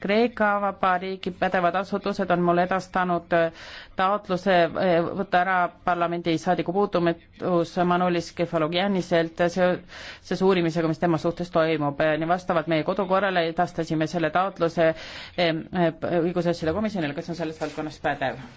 Kreeka Vabariigi pädevad asutused on mulle edastanud äh, taotluse äh, võtta ära parlamendi saadiku puutumatus Manolis Kefalogianiselt äh, seoses uurimisega, mis tema suhtes toimub. nii vastavalt meie kodukorrale edastasime selle taotluse õigusasjade komisjonile, kes on selles valdkonnas pädev.